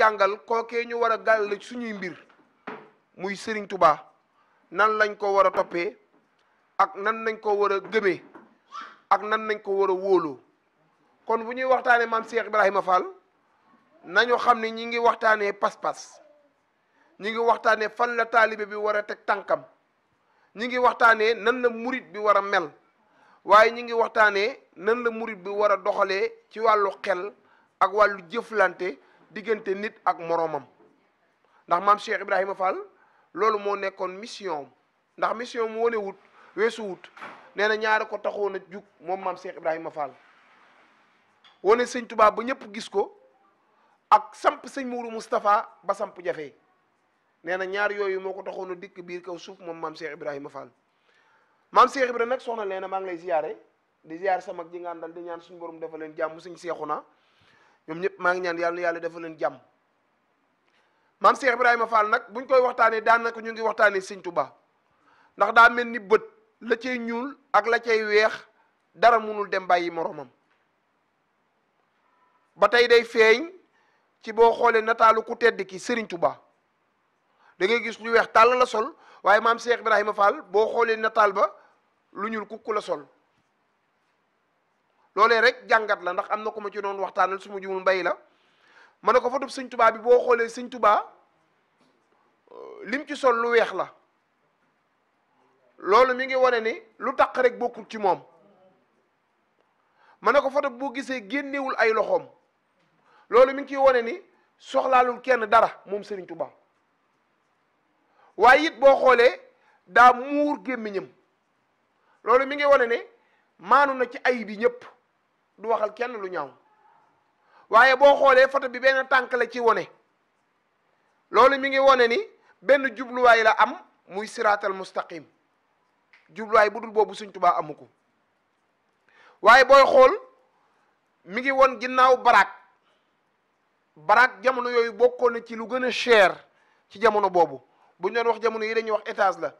jàngal kookee ñu war a gàll suñuy mbir muy Serigne Touba nan lañ ko war a toppee ak nan lañ ko war a gëmee ak nan lañ ko war a wóoloo kon bu ñuy waxtaanee maam Cheikh Ibrahima Fall nañu xam ne ñi ngi waxtaanee pas-pas ñi ngi waxtaanee fan la taalibe bi war a teg tànkam ñi ngi waxtaanee nan la murit bi war a mel waaye ñi ngi waxtaanee nan la murit bi war a doxalee ci wàllu xel ak wàllu jëflante diggante nit ak moroomam ndax maam Cheikh Ibrahima Fall loolu moo nekkoon mission ndax mission mu wane wut weesu wut nee na ñaari ko taxoon a jug moom maam Cheikh Ibrahima Fall wane sëñ Tuubaa ba ñëpp gis ko ak samp sëñ Mourou Moustapha ba samp jafe nee na ñaar yooyu moo ko taxoon a dikk biir kaw suuf moom maam Cheikh Ibrahima Fall maam Cheikh Ibrahima nag soxna Leena maa ngi lay ziyaare di ziyaar sama mag ji nga àndal di ñaan suñ borom defal leen jàmm suñ seexu na ñoom ñëpp maa ngi ñaan yàlla yàlla dafa leen jàmm maam Cheikh Ibrahima Fall nag buñ koy waxtaanee daanaka ñu ngi waxtaanee Sëñ Tuubaa ndax daa mel ni bët la cay ñuul ak la cay weex dara munul dem bàyyi moromam ba tey day feeñ ci boo xoolee nataalu ku tedd ki Serigne Touba da gis ñu weex tàll la sol waaye maam Cheikh Ibrahima Fall boo xoolee nataal ba lu ñuul kukk la sol loole rek jàngat la ndax am na ko ma ci doon waxtaanal su ma jumul mbay la ma ne ko foto sëñ tubaa bi boo xoolee sëñ tubaa lim ci sol lu weex la loolu mi ngi wane ni lu taq rek bokkul ci moom ma ne ko foto boo gisee génnewul ay loxoom loolu mi ngi ciy wane ni soxlaalul kenn dara moom Serigne Touba waaye it boo xoolee daa muur gémmiñam loolu mi ngi wane ne maanu na ci ay bi ñëpp du waxal kenn lu ñaaw waaye boo xoolee photo bi benn tànk la ci wone loolu mi ngi wone ni benn jubluwaay la am muy siraatal mustaqim jubluwaay bu dul boobu Sëñ Tuubaa amu ko waaye booy xool mi ngi won ginnaaw baraak baraak jamono yooyu bokkoon na ci lu gën a cher ci jamono boobu bu ñu doon wax jamono yi dañuy wax étage la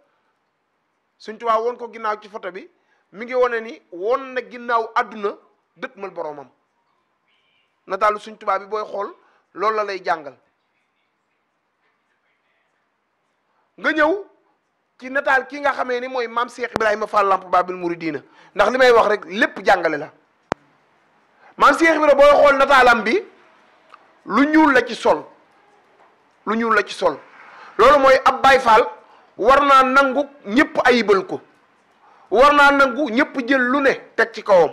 Sëñ Tuubaa won ko ginnaaw ci photo bi mi ngi wone ni won na ginnaaw àdduna dëkkmal boromam nataalu suñ tubaab bi booy xool loolu la lay jàngal nga ñëw ci nataal ki nga xamee ni mooy maam Cheikh Ibrahima Fall Lamp Babil Mouridina ndax li may wax rek lépp jàngale la maam Cheikh Ibrahima booy xool nataalam bi lu ñuul la ci sol lu ñuul la ci sol loolu mooy ab Baay Faal war naa nangu ñépp ayibal ko war naa nangu ñépp jël lu ne teg ci kawam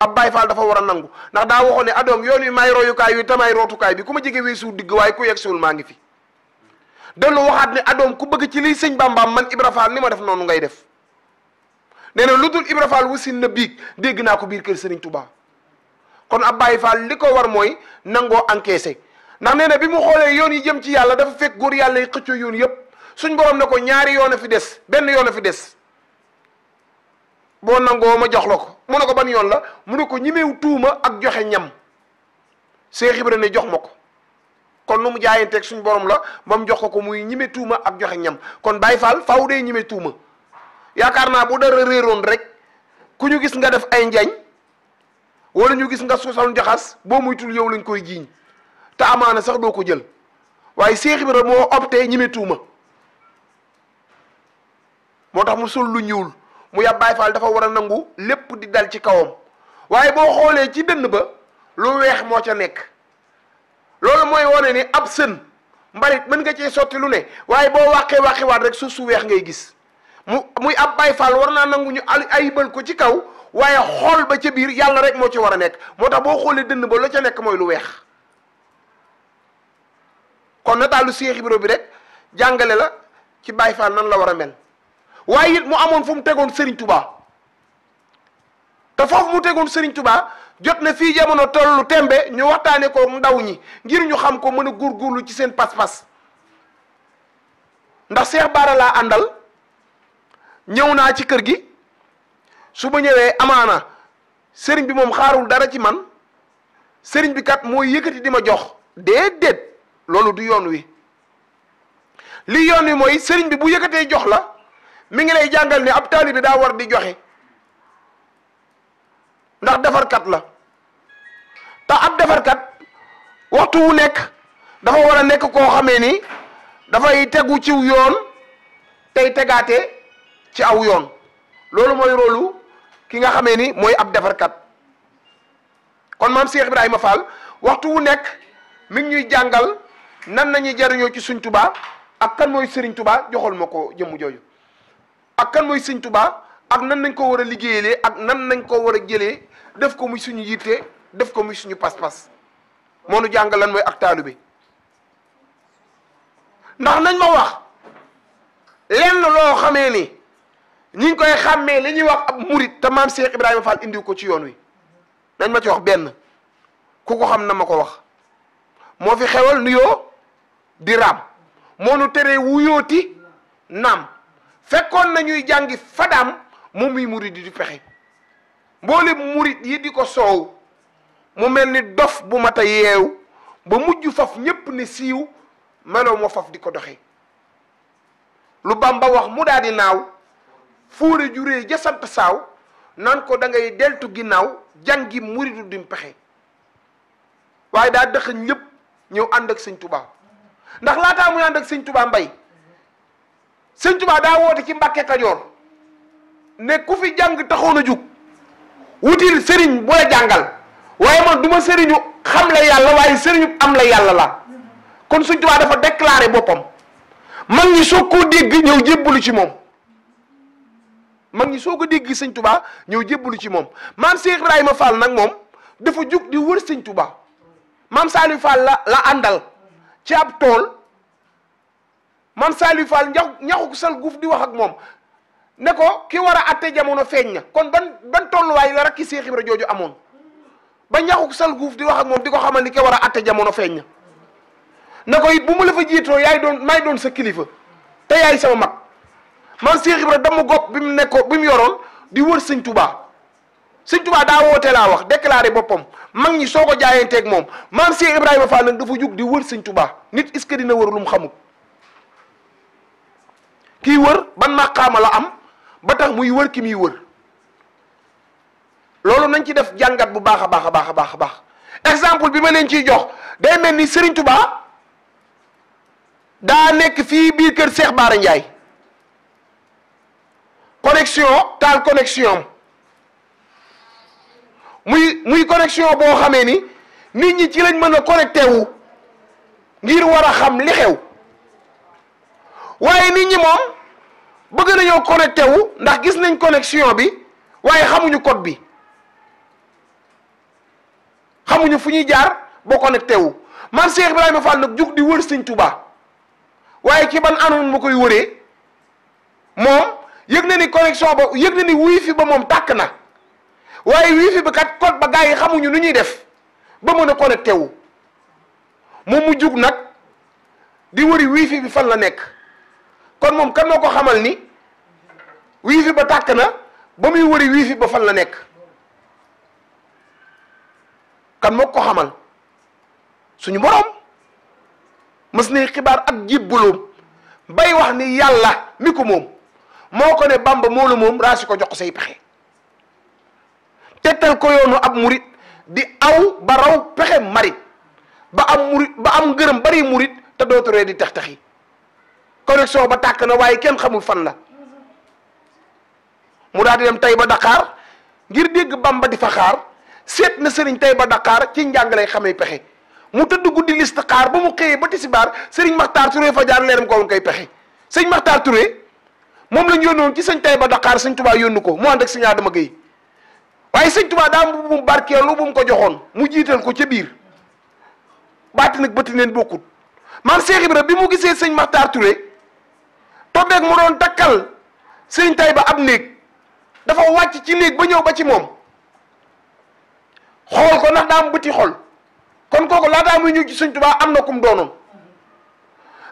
ab Baay Faal dafa war a nangu ndax daa waxoon ne adoom yoon yi maay royukaay wi tamaay rootukaay bi ku ma jege wii suul digg waaye ku yegg suul maa ngi fi dellu waxaat ne adoom ku bëgg ci liy sëñ bambaam man Ibra Faal ni ma def noonu ngay def nee na lu dul Ibra Faal wasin na biig dégg naa ko biir kër Sëriñ Tuubaa kon ab Baay Faal li ko war mooy nangoo encaissé ndax nee na bi mu xoolee yoon yi jëm ci yàlla dafa fekk góor yàlla yi xëccoo yoon yëpp suñ borom ne ko ñaari yoon a fi des benn yoon a fi des boo nangoo ma jox la ko mu ne ko ban yoon la mu ne ko ñimew tuuma ak joxe ñam Seex Ibra ne jox ma ko kon nu mu jaayanteeg suñ borom la ba mu jox ko ko muy ñime tuuma ak joxe ñam kon Baay Faal faaw dee ñime tuuma yaakaar naa boo dara réeroon rek ku ñu gis nga def ay njañ wala ñu gis nga suusal njaxas boo muytul yow lañ koy jiiñ te amaana sax doo ko jël waaye Seex Ibra moo te ñime tuuma moo tax mu sul lu ñuul mu yàb Baay Faal dafa war a nangu lépp di dal ci kawam waaye boo xoolee ci dënn ba lu weex moo ca nekk loolu mooy wone ni ab sën mbalit mën nga cee sotti lu ne waaye boo wàqee wàqe waat rek suuf su weex ngay gis mu muy ab Baay Faal war naa nangu ñu ayibal ko ci kaw waaye xool ba ca biir yàlla rek moo ci war a nekk moo tax boo xoolee dënn ba la ca nekk mooy lu weex kon nataal lu Seex Ibra bi rek jàngale la ci Baay Faal nan la war a mel waaye it mu amoon fu mu tegoon Serigne Touba te foofu mu tegoon sëriñ Touba jot na fii jamono tollu tembe ñu waxtaane ko ndaw ñi ngir ñu xam ko mën a góorgóorlu ci seen pas-pas ndax Cheikh Bara laa àndal ñëw naa ci kër gi su ma ñëwee amaana sëriñ bi moom xaarul dara ci man sëriñ bi kat mooy yëkkati di ma jox déedéet loolu du yoon wi li yoon wi mooy sëriñ bi bu yëkkatee jox la mi ngi lay jàngal ni ab taalibe daa war di joxe ndax defarkat la te ab defarkat waxtu wu nekk dafa war a nekk koo xamee ni dafay tegu ciw yoon tey tegaate ci aw yoon loolu mooy rôlu ki nga xamee ni mooy ab defarkat kon maam Cheikh Ibrahima Fall waxtu wu nekk mi ngi ñuy jàngal nan nañuy jariñoo ci suñ tubaa ak kan mooy sëriñ tubaa joxal ma ko jëmm jooju ak kan mooy sëñ tubaa ak nan nañ ko war a liggéeyalee ak nan nañ ko war a jëlee def ko muy suñu yitte def ko muy suñu pas-pas moo nu jàng lan mooy ak taalibe ndax nañ ma wax lenn loo xamee ni ñi koy xàmmee li ñuy wax ab murit te maam Cheikh Ibrahima Fall indiw ko ci yoon wi nañ ma ci wax benn ku ko xam na ma ko wax moo fi xewal nuyoo di raam moo nu teree wuyooti naam fekkoon nañuy jàngi fadaam moom muy murit yi di pexe mboole murit yi di ko soow mu mel ni dof bu mat a yeew ba mujj faf ñépp ne siiw meloo ma faf di ko doxe lu Bamba wax mu daal di naaw fóore juree ja sant saaw naan ko da ngay deltu ginnaaw jàngi muritu dim pexe waaye daa dëxañ lépp ñëw ànd ak sëñ Tuubaa ndax laataa muy ànd ak sëñ Tuubaa mbay sëñ Tuubaa daa woote ci Mbàkke Kajoor ne ku fi jàng taxoon a jug wutil sëriñ bu la jàngal waaye man duma ma sëriñu xam la yàlla waaye sëriñu am la yàlla la kon sëñ Tuubaa dafa déclaré boppam mag ñi soo koo dégg ñëw jébbalu ci moom mag ñi soo ko dégg sëñ ñëw jébbalu ci moom maam Cheikh ma Fall nag moom dafa jug di wër sëñ Tuubaa maam Saliou Fall la àndal ci ab tool man Saliou Fall ñax ñaxu sal guuf di wax ak moom ne ko ki war a atte jamono feeñ na kon ban ban tolluwaay la rakki Seex Ibra jooju amoon ba ñaxu sal guuf di wax ak moom di ko xamal ni ki war a atte jamono feeñ na ne ko it bu ma la jiitoo yaay doon maay doon sa kilifa te yaay sama mag maam Seex Ibra damu gopp bi mu nekkoo bi mu yoroon di wër sëñ tubaa sëñ Tuubaa daa woote laa wax déclaré boppam mag ñi soo ko jaayanteeg moom maam Seex Ibrahima Fall nag dafa jug di wër sëñ Tuubaa nit est-ce que dina wër lu mu xamul kii wër ban maqaama la am ba tax muy wër ki muy wër loolu nañ ci def jàngat bu baax a baax a baax a baax a baax exemple bi ma leen ciy jox day mel ni Serigne Touba daa nekk fii biir kër Cheikh Baara Ndiaye connexion taal connexion muy muy connexion boo xamee ni nit ñi ci lañ mën a connecté wu ngir war xam li xew. waaye nit ñi moom bëgg nañoo connecté wu ndax gis nañ connexion bi waaye xamuñu code bi xamuñu fu ñuy jaar boo connecté wu maam Cheikh Ibrahima Fall nag jug di wër sëñ Touba waaye ci ban anoon ma koy wëree moom yëg na ni connexion ba yëg na ni wifi ba moom tàkk na waaye wifi ba kat code ba gars yi xamuñu nu ñuy def ba mën a connecté wu moom mu jug nag di wëri wifi bi fan la nekk kon moom kan moo ko xamal ni wiifi ba tàkk na ba muy wëri wiifi ba fan la nekk kan moo ko xamal suñu boroom mës na xibaar ak jibbaloom bay wax ni yàlla mi ko moom moo ko ne bamba moo la moom raasi ko jox ko say pexe tegtal ko yoonu ab murit di aw ba raw pexe marit ba am murit ba am gërëm bari murit te dootu di tex-texi connexion ba tàkk na waaye kenn xamul fan la mu daal di dem tey ba daqaar ngir dégg bam ba di fa xaar seet na sëriñ tay ba Dakar ci njàng lay xamee pexe mu tëdd guddi liste xaar ba mu xëyee ba tisbaar sëriñ Maxtaar Touré fa jaar leeram ko woon koy pexe sëñ Maxtaar Touré moom lañ yónnoon ci sëñ tey ba daqaar sëñ Tubaa yonu ko mu ànd ak sëñ Adama Gueye waaye sëñ Tubaa daa bu mu barkeelu bu mu ko joxoon mu jiital ko ca biir baati nag bëti neen bokkut maam Cheikh bi mu gisee sëñ Maxtaar tombeeg mu doon takkal sëriñ tay ba ab néeg dafa wàcc ci néeg ba ñëw ba ci moom xool ko ndax daa am xol kon kooku laataa muy ñu ci sëñ Tuubaa am na kum doonoon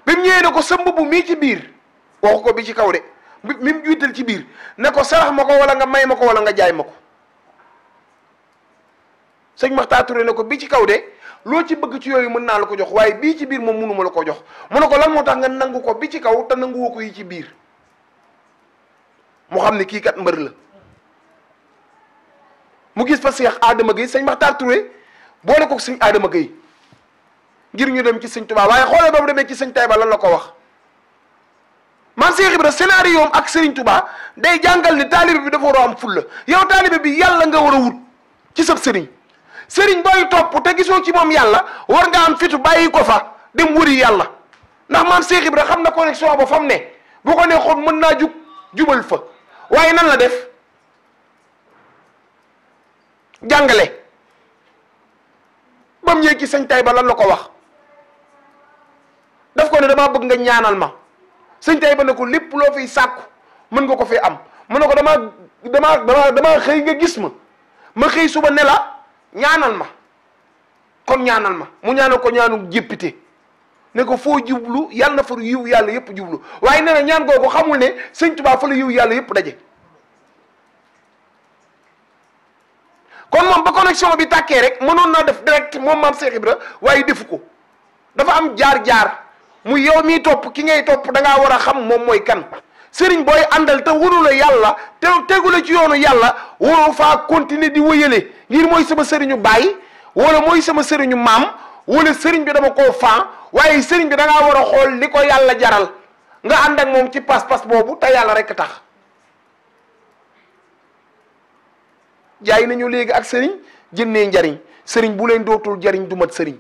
bi mu ñëwee ne ko sa mbubb mii ci biir waxu ko bi ci kaw de mi mu jiital ci biir ne ko sarax ma ko wala nga may ma ko wala nga jaay ma ko sëñ Maxtaar ne ko bi ci kaw de loo ci bëgg ci yooyu mën naa la ko jox waaye bii ci biir moom mënuma la ko jox mu ne ko lan moo tax nga nangu ko bi ci kaw te nanguwoo ko yi ci biir mu xam ne kii kat mbër la mu gis fa Seex Adama Gueye sëñ Maxtaar Touré boole ko sëñ Adama Gueye ngir ñu dem ci sëñ Tuubaa waaye xoolee ba mu demee ci sëñ Tayba la ko wax maam Seex Ibra scénario am ak Sëriñ Tuubaa day jàngal ni taalibe bi dafa war a am fulla yow taalibe bi yàlla nga war a wut ci sab sëriñ sëriñ booy topp te gisoo ci moom yàlla war nga am fitu bàyyi ko fa dem wëri yàlla ndax maam Cheikh Ibra xam na connexion ba fa mu ne bu ko neexoon mën naa jub jubal fa waaye nan la def jàngale ba mu ñëwee ci sëñ Tayba la ko wax daf ko ne dama bëgg nga ñaanal ma sëñ Tayba ne ko lépp loo fiy sàkku mën nga ko fi am mu ne ko dama damaa damaa damaa xëy nga gis ma ma xëy suba ne la ñaanal ma kon ñaanal ma mu ñaanal ko ñaanu jéppite ne ko foo jublu yàlla na fa yiw yàlla yëpp jublu waaye nee na ñaan googu xamul ne sëñ Tuubaa fa la yiw yàlla yëpp daje kon moom ba connexion bi tàkkee rek mënoon naa def direct moom maam Cheikh Ibra waaye defu ko dafa am jaar-jaar mu yow miy topp ki ngay topp da war a xam moom mooy kan sëriñ booy àndal te wunu la yàlla te tegu la ci yoonu yàlla waroo faa continuer di wëyale lii mooy sama sëriñu baay wala mooy sama sëriñu maam wala sëriñ bi dama koo faa waay sëriñ bi da ngaa war xool li ko yàlla jaral nga ànd ak moom ci pas-pas boobu te yàlla rekk tax jaay nañu léegi ak sëriñ jënnee njariñ sëriñ bu leen dootul jariñ du mat sëriñ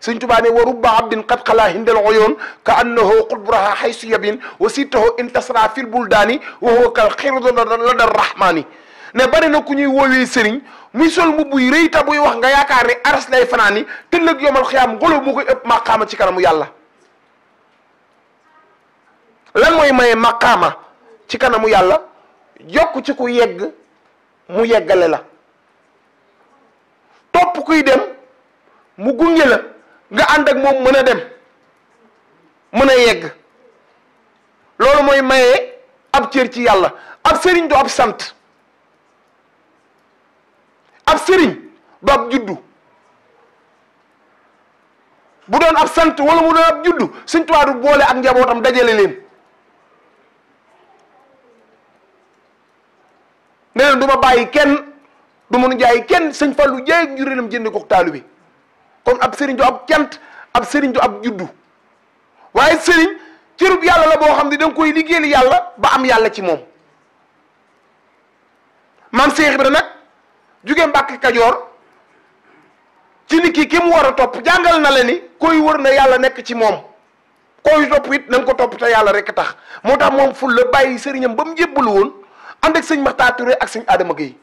sëriñ tubaa ne wa rubba abdin qad xalaa hindal oyoon ka annahu qudbraha haysu yabin wa sittahu intasra fil buldaani wa huwa kal xirdu la dar ne bari na ku ñuy woowee sëriñ muy sol mbubb muy rëy ta buy wax nga yaakaar ne aras lay fanaan yi tëllëg yomal xiyaam ngolo mu koy ëpp maqaama ci kanamu yàlla lan mooy maye maqaama ci kanamu yàlla yokk ci ku yegg mu yeggale la topp kuy dem mu gunge la nga ànd ak moom mën a dem mën a yegg loolu mooy maye ab cër ci yàlla ab sëriñ du ab sant ab sëriñ du ab juddu bu doon ab sant wala mu doon ab juddu Sëñ Tuubaa boole ak njabootam dajale leen ne leen du bàyyi kenn du mun jaay kenn Sëñ Fallu jaay ñu réenam jënd ko taalu bi kon ab sëriñ du ab cant ab sëriñ du ab juddu waaye sëriñ cërub yàlla la boo xam ne da nga koy liggéeyal yàlla ba am yàlla ci moom maam Seex Ibra nag jóge Mbàkke Kajoor ci ni kii ki mu war a topp jàngal na la ni koy wër na yàlla nekk ci moom koy topp it na nga ko topp te yàlla rek tax moo tax moom ful la bàyyi sëriñam ba mu jébbalu woon ànd ak sëñ Maxtaar ak sëñ Adama Gueye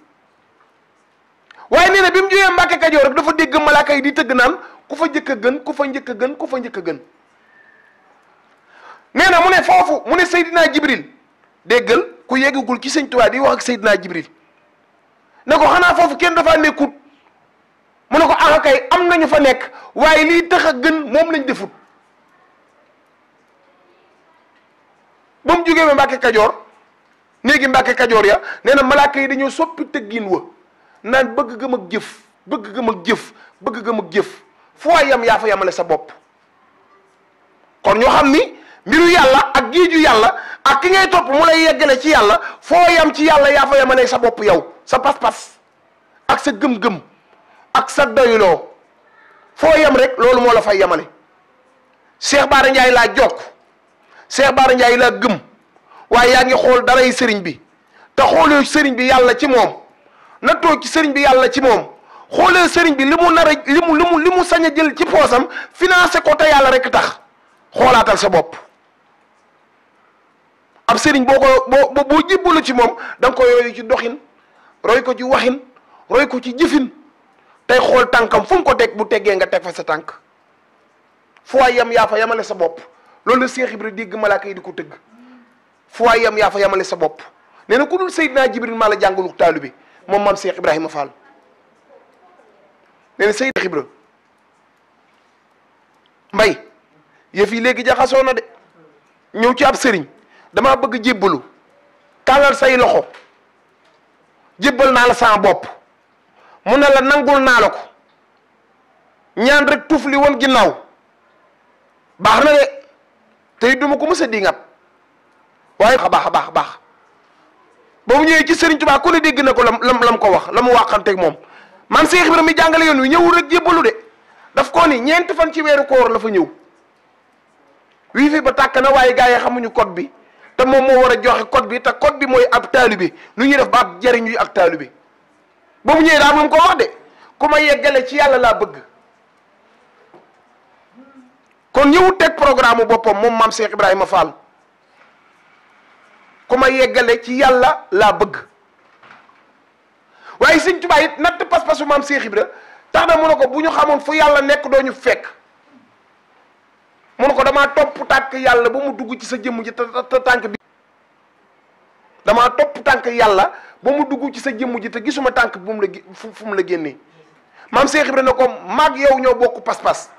waaye nee na bi mu jógee Mbàkke Kajoor rek dafa dégg malaaka yi di tëgg naan ku fa njëkk a gën ku fa njëkk a gën ku fa njëkk a gën nee na mu ne foofu mu ne Seydina Jibril déggal ku yeggagul ci sëñ Tuubaa di wax ak Seydina Jibril ne ko xanaa foofu kenn dafaa nekkut mu ne ko ah kay am nañu fa nekk waaye lii tax a gën moom lañ defut ba mu jógee ba Mbàkke Kajoor néegi Mbàkke Kajoor ya nee na malaaka yi dañoo soppi tëggin wa naan bëgg gëm jëf bëgg gëm ak jëf bëgg gëm ak jëf foo yam yaa fa yamale sa bopp kon ñoo xam ni mbiru yàlla ak géeju yàlla ak ki ngay topp mu lay yeggale ci yàlla foo yam ci yàlla yaa fa yamale sa bopp yow sa pas-pas ak sa gëm-gëm ak sa doyloo foo yem rek loolu moo la fay yemale Cheikh Bara Ndiaye laa jokk Cheikh Bara Ndiaye laa gëm waaye yaa ngi xool daray sëriñ bi te xoolee sëriñ bi yàlla ci moom nattoo ci sëriñ bi yàlla ci moom xoolee sëriñ bi li mu nar a li mu li mu sañ a jël ci poosam financé ko te yàlla rek tax xoolaatal sa bopp ab sëriñ boo ko boo boo jébbalu ci moom danga nga ko yooyu ci doxin. roy ko ci waxin roy ko ci jëfin tey xool tànkam fu mu ko teg bu teggee nga teg fa sa tànk foo yam yaa fa yamale sa bopp loolu la Seex Ibra dégg malaaka yi di ko tëgg foo yam yaa fa yamale sa bopp nee na ku dul naa Jibril maa la jàngalu taalu bi moom maam Seex Ibrahima Fall nee na Seydina Ibra mbay yëf léegi jaxasoo na de ñëw ci ab sëriñ damaa bëgg jébbalu tàllal say loxo jébbal naa la sama bopp mu ne la nangul naa la ko ñaan rek tuuf li woon ginnaaw baax na de tey duma ko mës a dingat waaye a baax a baax a baax ba mu ñëwee ci Serigne Touba ku ne dégg na ko la lam lam ko wax la mu waxanteeg moom man Cheikh Ibrahima mi jàngale yoon wi ñëwul rek jébbalu de daf ko ni ñeenti fan ci weeru koor la fa ñëw wii fi ba tàkk na waaye gaa yi xamuñu kot bi te moom moo war a joxe code bi te code bi mooy ab taalibe nu ñuy def ba ab jariñu ak taalibe ba mu ñëwee daa moom ko wax de ku ma yeggale ci yàlla laa bëgg kon ñëw teg programme boppam moom maam Cheikh Ibrahima Fall ku ma yeggale ci yàlla laa bëgg waaye Sëñ Tuubaa it natt pas-pasu maam Cheikh Ibra tax na mu ne ko bu ñu xamoon fu yàlla nekk doo ñu fekk. mun ko damaa topp tànk yàlla ba mu dugg ci sa jëmm ji te tànk bi damaa topp tànk yàlla ba mu dugg ci sa jëmm ji te gisuma tànk bu mu la fu mu la génnee maam Cheikh Ibra ne ko maag yow ñoo bokk pas-pas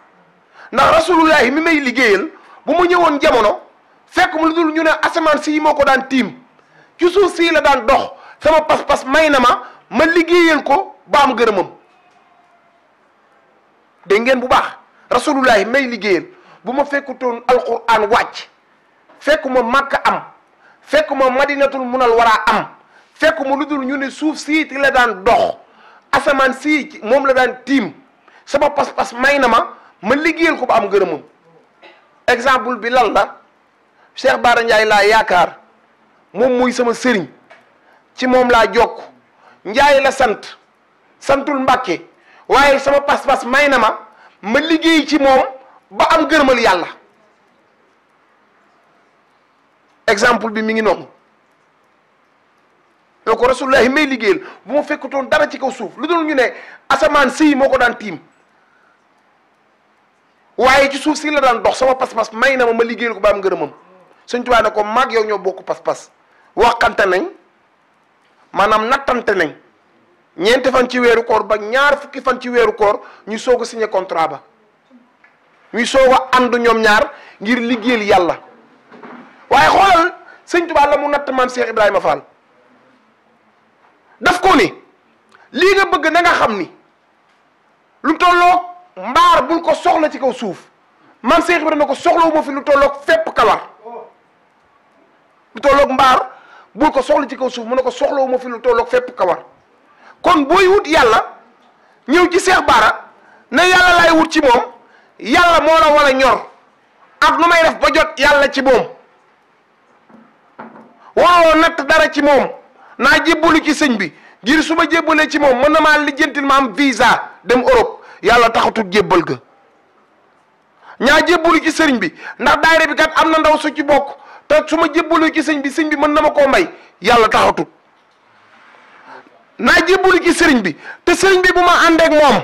ndax rasulullahi mi may liggéeyal bu ma ñëwoon jamono fekk mu lu dul ñu ne asamaan sii moo ko daan tiim ci sii la daan dox sama pas-pas may na ma ma liggéeyal ko ba am gërëmam dégg ngeen bu baax rasulullahi may liggéeyal bu ma fekkutoon alquran wàcc ma màkk am ma madinatul munal waraa am ma lu dul ñu ne suuf sii ci la daan dox asamaan sii moom la daan tiim sama pas-pas may na ma ma liggéeyal ko ba am ngërëmam exemple bi lan la Cheikh Ndiaye laa yaakaar moom muy sama sëriñ ci moom laa jokk Ndiaye la sant santul Mbàkke waaye sama pas-pas may na ma ma liggéey ci moom ba am gërëmal yàlla exemple bi mi ngi noonu donc rasulullahi may liggéeyal bu ma fekkutoon dara ci kaw suuf lu dul ñu ne asamaan si moo ko daan tiim waaye ci suuf si la daan dox sama pas-pas may na ma ma liggéeyal ko ba am ngërëmam Sëñ Tuubaa ne ko maag yow ñoo bokk pas-pas waxante nañ maanaam nattante nañ ñeenti fan ci weeru koor ba ñaar fukki fan ci weeru koor ñu soog a signé contrat ba ñuy soo a ànd ñoom ñaar ngir liggéeyal yàlla waaye xoolal sëñ Tuubaa la mu natt maam Cheikh Ibrahima Fall daf ko ni lii nga bëgg na xam ni lu tolloog mbaar bul ko soxla ci kaw suuf maam Cheikh Ibrahima ko soxlawuma fi lu tolloog fépp kawar lu tolloog ko soxla ci kaw suuf mu ne ko soxlawuma fi lu tolloog fépp kawar kon booy wut yàlla ñëw ci Cheikh Bara ne yàlla laay wut ci moom yàlla moo la war a ñor ak nu may def ba jot yàlla ci moom waroo natt dara ci moom naa jébbalu ci sëñ bi ngir su ma jébbalee ci moom mën na ma lijjantil ma am visa dem Europe yàlla taxatul jébbal ga ñaa jébbalu ci sëriñ bi ndax daayira bi kat am na ndaw su ci bokk te su ma jébbalu ci sëñ bi sëñ bi mën na ma koo mbay yàlla taxatul naa jébbalu ci sëriñ bi te sëriñ bi bu ma àndeek moom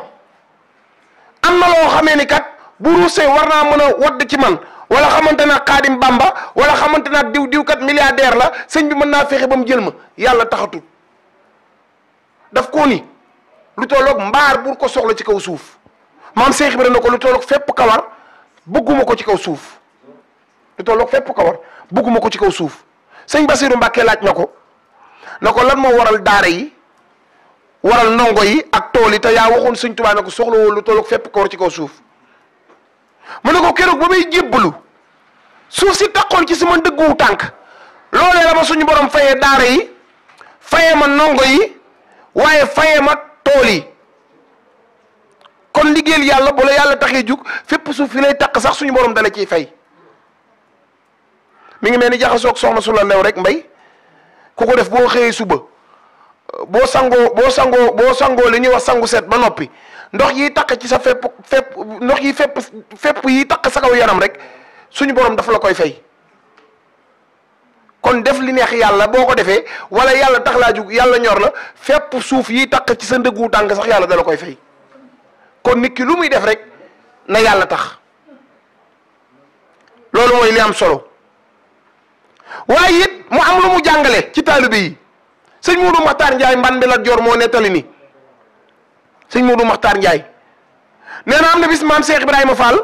am na loo xamee ni kat bu ruusee war naa mën a wadd ci man wala xamante naa xaadim bamba wala xamante naa diw diw kat milliardaire la sëñ bi mën naa fexe ba mu jël ma yàlla taxatu daf koo ni lu tolloog mbaar bu ko soxla ci kaw suuf maam Seex Ibra na ko lu tolloog fépp kawar bëgguma ko ci kaw suuf lu fépp kawar bëgguma ko ci kaw suuf sëñ Basiru Mbàkke laaj na ko na ko lan moo waral daara yi waral ndongo yi ak tool yi te yaa waxoon sëñ Tuubaa na ko soxla woon lu tolloog fépp kawar ci kaw suuf mu ne ko keroog ba may jébbalu suuf si taqoon ci sama dëgguwu tànk loolee la ma suñu borom fayee daara yi fayee ma ndongo yi waaye fayee ma tool yi kon liggéeyal yàlla bu la yàlla taxee jug fépp suuf fi lay takk sax suñu borom dala ciy fay mu ngi mel ni jaxasoog soxna su la lew rek mbay ku ko def boo xëyee suba boo sangoo boo sangoo boo sangoo li ñuy wax sangu set ba noppi ndox yi takk ci sa fépp fépp ndox yi fépp fépp yi takk sa kaw yaram rek suñu borom dafa la koy fay kon def li neex yàlla boo ko defee wala yàlla tax laa jug yàlla ñor la fépp suuf yi takk ci sa ndëggu tànk sax yàlla dala koy fay kon nit ki lu muy def rek na yàlla tax loolu mooy li am solo waaye it mu am lu mu jàngale ci taalibe yi sëñ Modou Makhtar Ndiaye mban bi la joor moo nettali ni sëñ Modou Makhtar Ndiaye nee na am na bis maam Cheikh Ibrahima Fall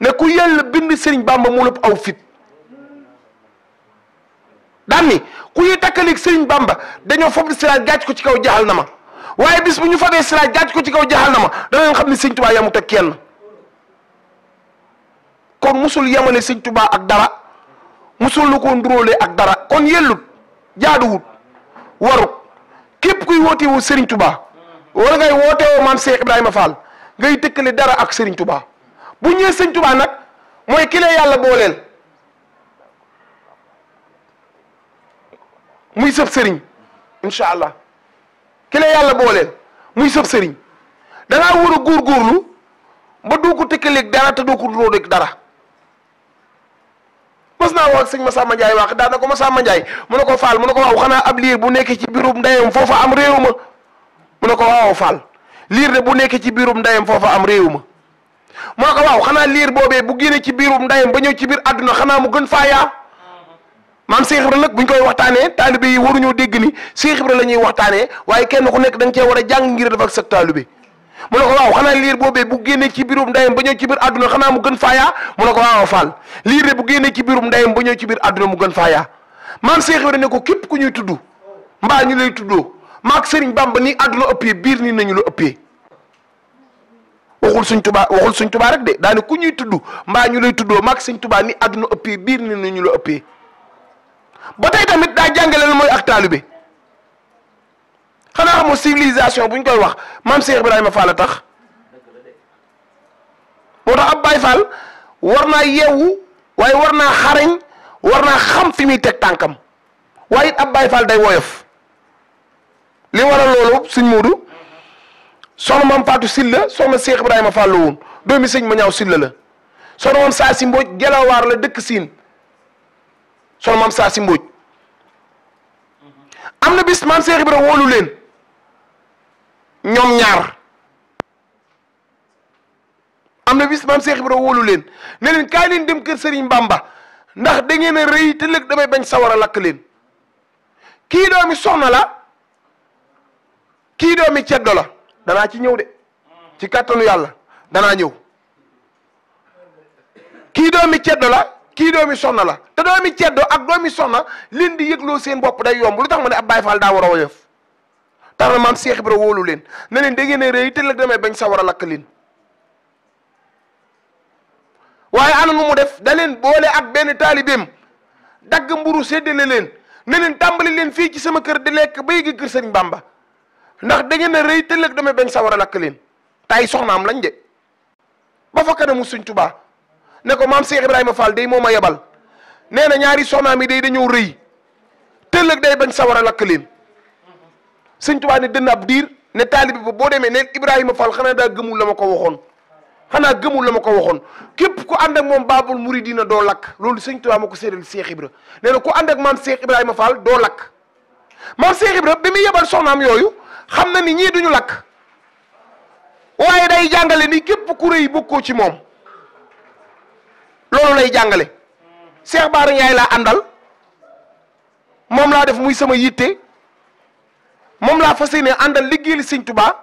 ne ku yàlla bind sëriñ Bamba mu aw fit daan ku ñuy takkaleeg sëriñ Bamba dañoo fob siraaj gàcc ko ci kaw jaxal na ma waaye bis bu ñu fabee siraaj gàcc ko ci kaw jaxal na ma danañ xam ne sëñ Tuubaa yamut ak kenn kon musul yamale sëñ Tuubaa ak dara musul lu ko nduróolee ak dara kon yellut jaaduwut warut képp kuy woote woo Serigne Touba wala ngay woote woo maam Cheikh Ibrahima Fall ngay tëkkale dara ak sëriñ Touba bu ñëwee Serigne Touba nag mooy ki yàlla booleel muy sëf Serigne incha allah ki la yàlla booleel muy sëf Serigne da ngaa war a góorgóorlu ba doo ko tëkkaleeg dara te doo ko róodeeg dara. mas naa wax ak sëñ Masamba Ndiaye wax daan na ko Masamba Ndiaye mu ne ko Fall mu ne ko xanaa ab liir bu nekkee ci biirum ndeyam foofa am réew ma mu ne ko waaw liir de bu nekkee ci biirum ndeyam foofa am réew ma mu ne ko xanaa liir boobee bu génnee ci biirum ndeyam ba ñëw ci biir àdduna xanaa mu gën faa yaa maam Cheikh Ibra nag bu ñu koy waxtaanee taalibe yi waruñoo dégg ni si Ibra la ñuy waxtaanee waaye kenn ku nekk da cee war a jàng ngir def ak sa taalibe mu ne ko waaw xanaa liir boobee bu génnee ci biirum ndeyam ba ñëw ci biir àdduna xanaa mu gën faayaa mu ne ko waaw faal liir de bu génnee ci biirum ndeyam ba ñëw ci biir àdduna mu gën faayaa maam Seex Ibra ne ko képp ku ñuy tudd mbaa ñu lay tuddoo maak Sëriñ Bamba ni àdduna ëppee biir nii nañu la ëppee waxul suñ tubaa suñ tubaa rek de ku ñuy tudd mbaa ñu lay tuddoo maak suñ ni àdduna ëppee biir nii nañu la ëppee ba tey tamit daa jàngale la mooy ak taalibe xanaa xamoo civilisation bu ñu koy wax maam Cheikh Ibrahima Fall tax moo tax ab Baye Fall war naa yeewu waaye war naa xarañ war naa xam fi muy teg tànkam waaye it ab Baye Fall day woyof li waral loolu sëñ Moodu soxna maam Fatou Silla soxna Cheikh Ibrahima la woon doomi sëñ ma ñaaw Silla la soxna maam Saasi Mbooj la dëkk siin soxna maam Saasi Mbooj am na bis maam Cheikh Ibrahima woolu leen. ñaar am na bis maam Cheikh Ibra wóolu leen ne leen kaay leen dem kër Serigne Bamba ndax da ngeen a rëy te lëg damay bañ sawar lakk leen kii doomi soxna la kii doomi ceddo la danaa ci ñëw de ci kàttanu yàlla danaa ñëw kii doomi ceddo la kii doomi soxna la te doomi ceddo ak doomi soxna leen di yëgloo seen bopp day yomb lu tax ma ne ab Baay Faal daa war a woyof tax na maam Cheikh Ibra leen ne leen da ngeen a réy te la damay bañ sawar a lakk leen waaye ana na mu def da leen boole ak benn taalibeem dagg mburu séddale leen ne leen tàmbali leen fii ci sama kër di lekk ba yéegi kër sëriñ Bamba ndax da ngeen a rëy te damay bañ sawar a lakk leen soxna am lañ de ba na mu suñ Tuubaa ne ko maam Cheikh Ibrahima Fall day moo ma yebal nee na ñaari soxnaam yi day dañoo rëy te lëg day bañ sawar a lakk leen sëñ Tuubaa ne dënn ab diir ne taalibi ba boo demee neen Ibrahima Fall xanaa daa gëmul la ma ko waxoon xanaa gëmul la ma ko waxoon képp ku ànd ak moom baabul muridina doo lakk loolu sëñ Tuubaa ma ko séddal Cheikh Ibra nee na ku ànd ak maam Cheikh Ibrahima Fall doo lakk maam Cheikh Ibra bi muy yebal soxnaam yooyu xam na ni ñii duñu lakk waaye day jàngale nii képp ku rëy bokkoo ci moom loolu lay jàngale Cheikh Baara laa àndal moom laa def muy sama yitte. moom laa fas yéene àndal liggéeyal Sëñ Tuubaa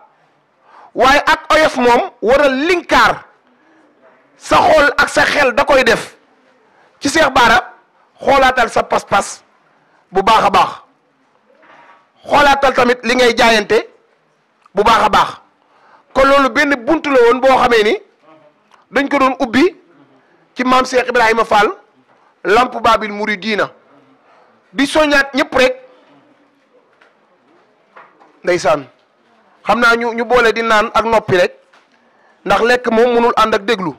waaye ak oyof moom waral a linkaar sa xool ak sa xel da koy def ci Seex Baara xoolaatal sa pas-pas bu baax a baax xoolaatal tamit li ngay jaayante bu baax a baax kon loolu benn bunt la woon boo xamee ni dañ ko doon ubbi ci maam Cheikh Ibrahima Fall lamp Babil Mouridina di soñaat ñëpp rek ndeysaan xam naa ñu ñu boole di naan ak noppi rek ndax lekk moom mënul ànd ak déglu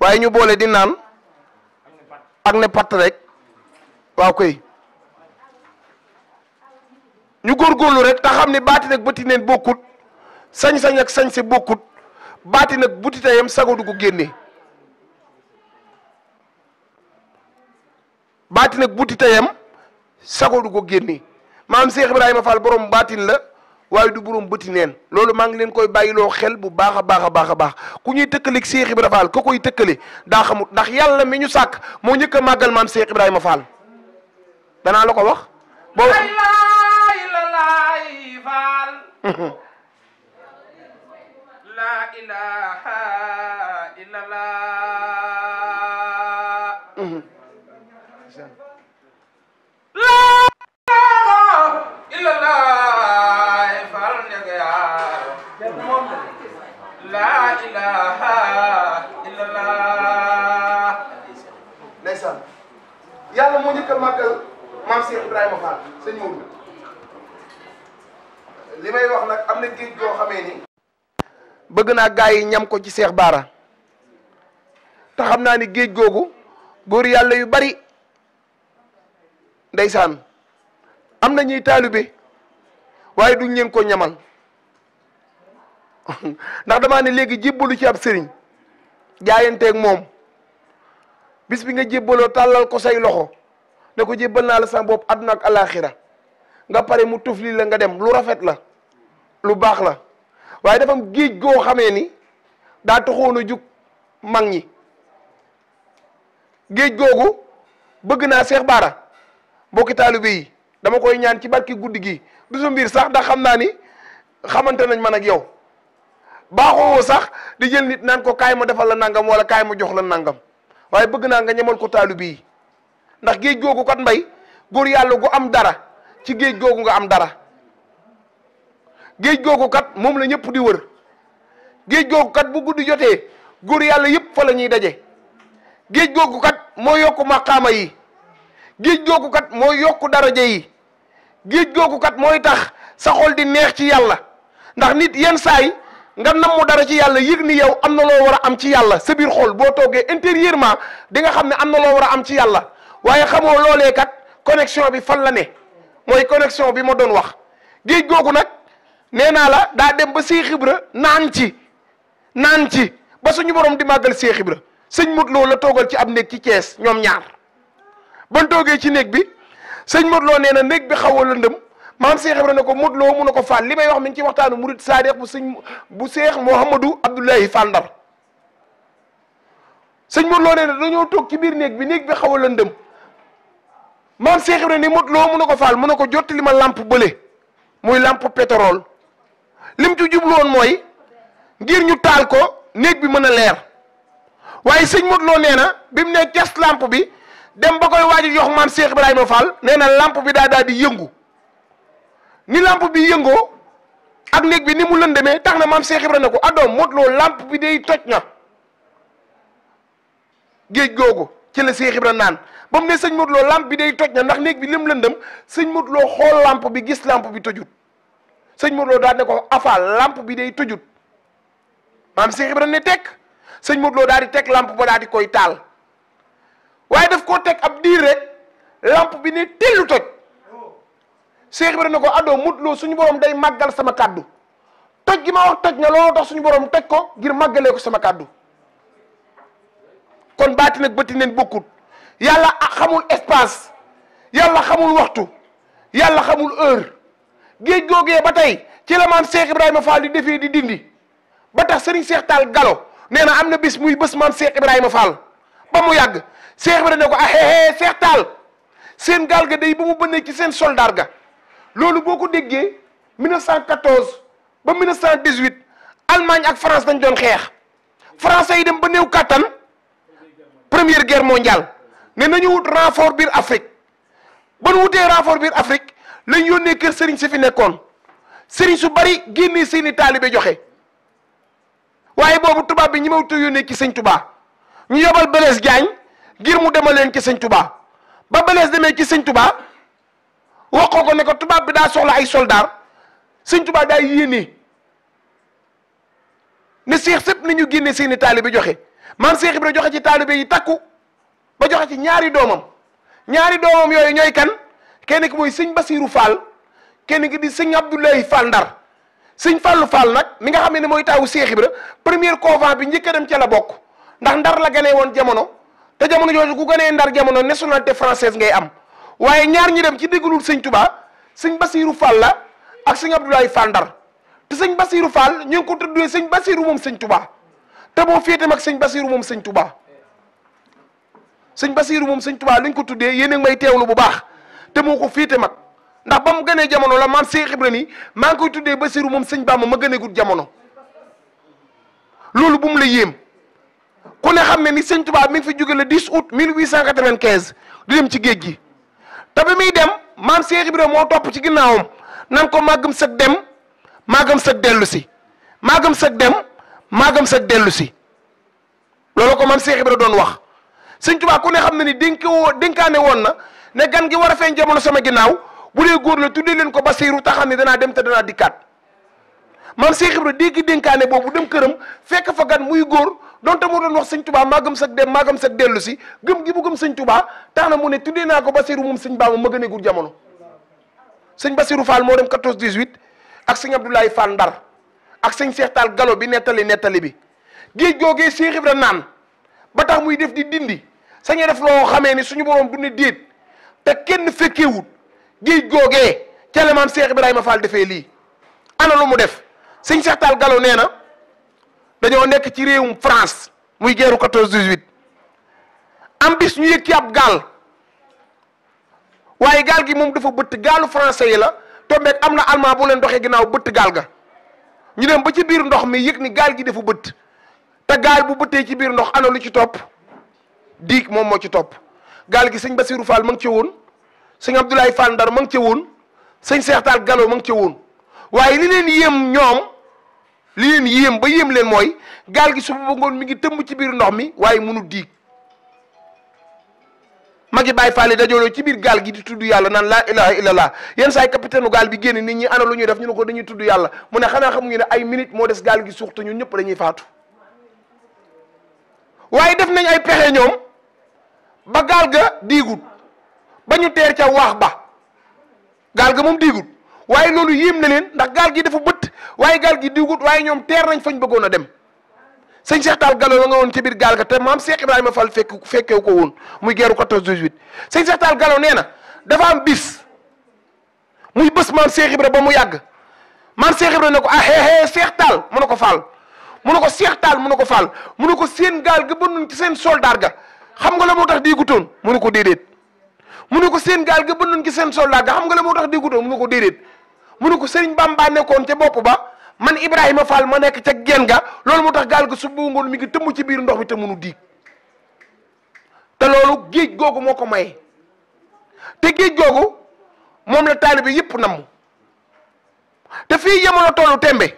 waaye ñu boole di naan ak ne patt rek waaw koy ñu góorgóorlu rek te xam ne baati nag bëti neen bokkut sañ-sañ ak sañ si bokkut baati nag buti tayam sago du ko génne baati nag buti tayam sago du ko génne maam Cheikh Ibrahima Fall borom baatin la waaye du borom bëti neen loolu maa ngi leen koy bàyyiloo xel bu baax a baax a baax baax ku ñuy tëkkaleeg Cheikh Ibrahima Fall ka koy tëkkale daa xamut ndax yàlla mi ñu sàkk moo njëkk a màggal maam Cheikh Ibrahima Fall danaa la ko wax boo la ilaha illallah laa ilaaha illallah yàlla moo njëkk a màggal maam Cheikh Ibrahima Fall li may wax nag am na géej goo xamee ni bëgg naa gaa yi ñam ko ci seex Baara te xam naa ni géej googu góor yàlla yu bari ndeysaan am na ñuy taalibe waaye duñ leen ko ñamal ndax damaa ne léegi jébbalu ci ab sëriñ jaayanteeg moom bis bi nga jébbaloo tàllal ko say loxo ne ko jébbal naa la sa bopp àdduna ak alaaxira nga pare mu tufli la nga dem lu rafet la lu baax la waaye dafa géej goo xamee ni daa taxoon a jug mag ñi géej googu bëgg naa Seex Baara bokki taalibe yi dama koy ñaan ci barki guddi gi du sa mbir sax ndax xam naa ni xamante nañ man ak yow baaxoo sax di jël nit naan ko kaay ma defal la nangam wala kaay ma jox la nangam waaye bëgg naa nga ñamal ko taalu bii ndax géej googu kat mbay góor yàlla gu am dara ci géej googu nga am dara géej googu kat moom la ñëpp di wër géej googu kat bu guddi jotee góor yàlla yëpp fa la ñuy daje géej googu kat moo yokku maqaama yi géej googu kat moo yokku daraja yi géej googu kat mooy tax sa xol di neex ci yàlla ndax nit yenn saay nga namm dara ci yàlla yëg ni yow am na loo war a am ci yàlla sa biir xool boo toggee intérieurement di nga xam ne am na loo war a am ci yàlla waaye xamoo loolee kat connexion bi fan la ne mooy connexion bi ma doon wax géej googu nag nee naa la daa dem ba Seex naan ci naan ci ba suñu borom di màggal Seex Ibra sëñ Modou la toogal ci ab néeg ci Thiès ñoom ñaar ba toogee ci néeg bi sëñ Modou nee na néeg bi xaw a lëndëm maam Cheikh Ibrahima ne ko Modou mun mu ko Fall li may wax mi ngi ci waxtaanu Murid Saadiq bu sëñ bu seex Mouhamadou Abdoulaye Fall Ndar sëñ Modou Lo dañoo toog ci biir néeg bi néeg bi xaw a lëndëm maam Cheikh Ibrahima ne Modou Lo ko Fall mu a ko jottali ma làmp bële muy làmp pétrole lim ci jublu mooy ngir ñu taal ko néeg bi mën a leer waaye sëñ Modou Lo nee na bi mu ne cas lampe bi dem ba koy waaj a jox maam Cheikh Ibrahima Fall nee na lampe bi daa daal di yëngu. ni lampe bi yëngoo ak néeg bi ni mu lëndëmee tax na maam Cheikh Ibra ne ko adoom motloo Lo bi day toj na géej googu ci la Cheikh Ibra naan ba mu ne sëñ Modou Lo bi day toj na ndax néeg bi lim lëndëm sëñ Modou Lo xool lampe bi gis lampe bi tojut sëñ Modou daal ne ko afa làmp bi day tojut maam Cheikh Ibra ne tekk sëñ Modou daal di teg làmp ba daal di koy taal waaye def koo teg ab diir rek lampe bi ne tellu toj Cheikh Ibrahima ne ko Ado Modou Lo suñu borom day màggal sama kàddu tëj gi ma wax toj na loo tax suñu boroom toj ko ngir màggalee ko sama kàddu kon baati nag bëti neen bokkut yàlla xamul espace yàlla xamul waxtu yàlla xamul heure géej googee ba tey ci la maam Cheikh Ibrahima Fall di defee di dindi ba tax Serigne Cheikh Tall Galo nee na am na bis muy bés maam Cheikh Ibrahima Fall ba mu yàgg Cheikh Ibrahima ne ko ah Cheikh Tall seen gaal ga day bu mu bënnee ci seen soldaar loolu boo ko déggee 1914 ba 1918 Allemagne ak France dañu doon xeex français yi dem ba néew kàttan première guerre mondiale ne nañu wut renfort biir Afrique ba nu wutee renfort biir Afrique lañ yónnee kër sëriñ si fi nekkoon sëriñ su bari génnee seeni taalibe joxe waaye boobu tubaab bi ñi ma wutu yónnee ci sëñ tubaa ñu yobal Blaise Diagne ngir mu demaleen ci sëñ tubaa ba Blaise demee ci sëñ tubaa wax ko ne ko tubaab bi daa soxla ay soldaar sëñ tubaab daa yéene ne seex sëpp nañu génne seeni taalibe joxe maam seex Ibra joxe ci taalibe yi takku ba joxe ci ñaari doomam ñaari doomam yooyu ñooy kan kenn ki mooy sëñ Basiiru Fall kenn ki di sëñ Abdoulaye Fall Ndar sëñ Fallu Fall nag mi nga xam ne mooy taawu seex Ibra première convent bi njëkk a dem ca la bokk ndax Ndar la ganee woon jamono te jamono jooju ku ganee Ndar jamono nationalité française ngay am waaye ñaar ñi dem ci déggalul sëñ Touba sëñ Basiirou Fall la ak sëñ Abdoulaye Fall Ndar te sëñ Basiirou Fall ñu ngi ko tuddee sëñ Basiirou moom sëñ Touba te moo féetam ak sëñ Basiirou moom sëñ Touba sëñ Basiirou moom sëñ Touba luñ ko tuddee yéen may teew la bu baax te moo ko féete mag ndax ba mu gënee jamono la maam Cheikh Ibra ni maa ngi koy tuddee Basiirou moom sëñ Bamba ma gënee gut jamono loolu bu mu la yéem ku ne xam ne ni sëñ Touba mi ngi fi jóge le 10 août 1895 di dem ci géej gi. te bi muy dem maam Cheikh Ibrahima moo topp ci ginnaawam nan ko màggam sëg dem màggam sëg dellu si màggam sëg dem màggam sëg dellu si loolu ko maam Cheikh Ibrahima doon wax sëñ Tuubaa ku ne xam na ni dénk dénkaane woon na ne gan gi war a feeñ jamono sama ginnaaw bu dee góor la tuddee leen ko Basiiru te xam ne danaa dem te danaa dikkaat maam Cheikh Ibrahima dégg dénkaane boobu dem këram fekk fa gan muy góor donte moo doon wax sëñ tubaa maa gëm sag dem maa gëm gi mu gëm sëñ tubaa tax na mu ne tuddee naa ko Basiru moom sëñ Bamba ma gën a gudd jamono sëñ Basiru Fall moo dem 14 18 ak sëñ Abdoulaye Fall Ndar ak sëñ Seex Galo bi nettali nettali bi géej googee Cheikh Ibra naan ba tax muy def di dindi sañee def loo xamee ni suñu borom du ne déet te kenn fekkewut géej googee ca la maam Cheikh ma Fall defee lii ana lu mu def sëñ Seex Taal Galo nee na dañoo nekk ci réewum France muy guerre 14 18 am bis ñu yëg ci ab gaal waaye gaal gi moom dafa bëtt gaalu français yi la tombeeg am na allemand boo leen doxee ginnaaw bëtt gaal ga ñu dem ba ci biir ndox mi yëg ni gaal gi dafa bëtt te gaal bu bëttee ci biir ndox ana lu ci topp diig moom moo ci topp gaal gi sëñ Basirou Fall ma ngi ca woon sëñ Abdoulaye Fall Ndar ma ngi ca woon sëñ Seex Taal Galo ma ngi ca woon waaye li leen yéem ñoom. li leen yéem ba yéem leen mooy gaal gi suba ba ngoon mi ngi tëmb ci biir ndox mi waaye mënu diig magi bàyyi faale dajaloo ci biir gaal gi di tudd yàlla naan laa ilaha laa yenn saa yi capitaine gaal bi génn nit ñi ana lu ñuy def ñu ne ko dañuy tudd yàlla mu ne xanaa xam nga ne ay minute moo des gaal gi suux te ñun ñëpp dañuy faatu waaye def nañ ay pexe ñoom ba gaal ga diigut ba ñu teer ca waax ba gaal ga moom diigut waaye loolu yéem na leen waaye gaal gi gut waaye ñoom teer nañ fañ bëggoon a dem sëñ Cheikh Tall Gallo la nga woon ci biir gaal ga te maam Cheikh Ibrahima Fall fekk fekkew ko woon muy geeru 14 18 sëñ Cheikh Tall Gallo nee na dafa am bis muy bés maam Cheikh Ibra ba mu yàgg maam seex Ibra ne ko ah hee hee Cheikh Tall mu ne ko Fall mu ne ko Cheikh mu ne ko Fall mu ne ko seen gaal ga bënnuñ ci seen soldaar ga xam nga la moo tax diigutoon mu ne ko déedéet mu ne ko seen gaal ga bënnuñ ci seen soldaar ga xam nga la moo tax diigutoon mu ne ko déedéet mu ne ko sëriñ Bamba nekkoon ca bopp ba man Ibrahima Fall ma nekk ca geen ga loolu moo tax gaal ga su buungoon mi ngi tëmb ci biir ndox mi te munu diig géej googu moo ko maye te géej googu moom la taalibe yëpp namm te fii jamono tollu tembe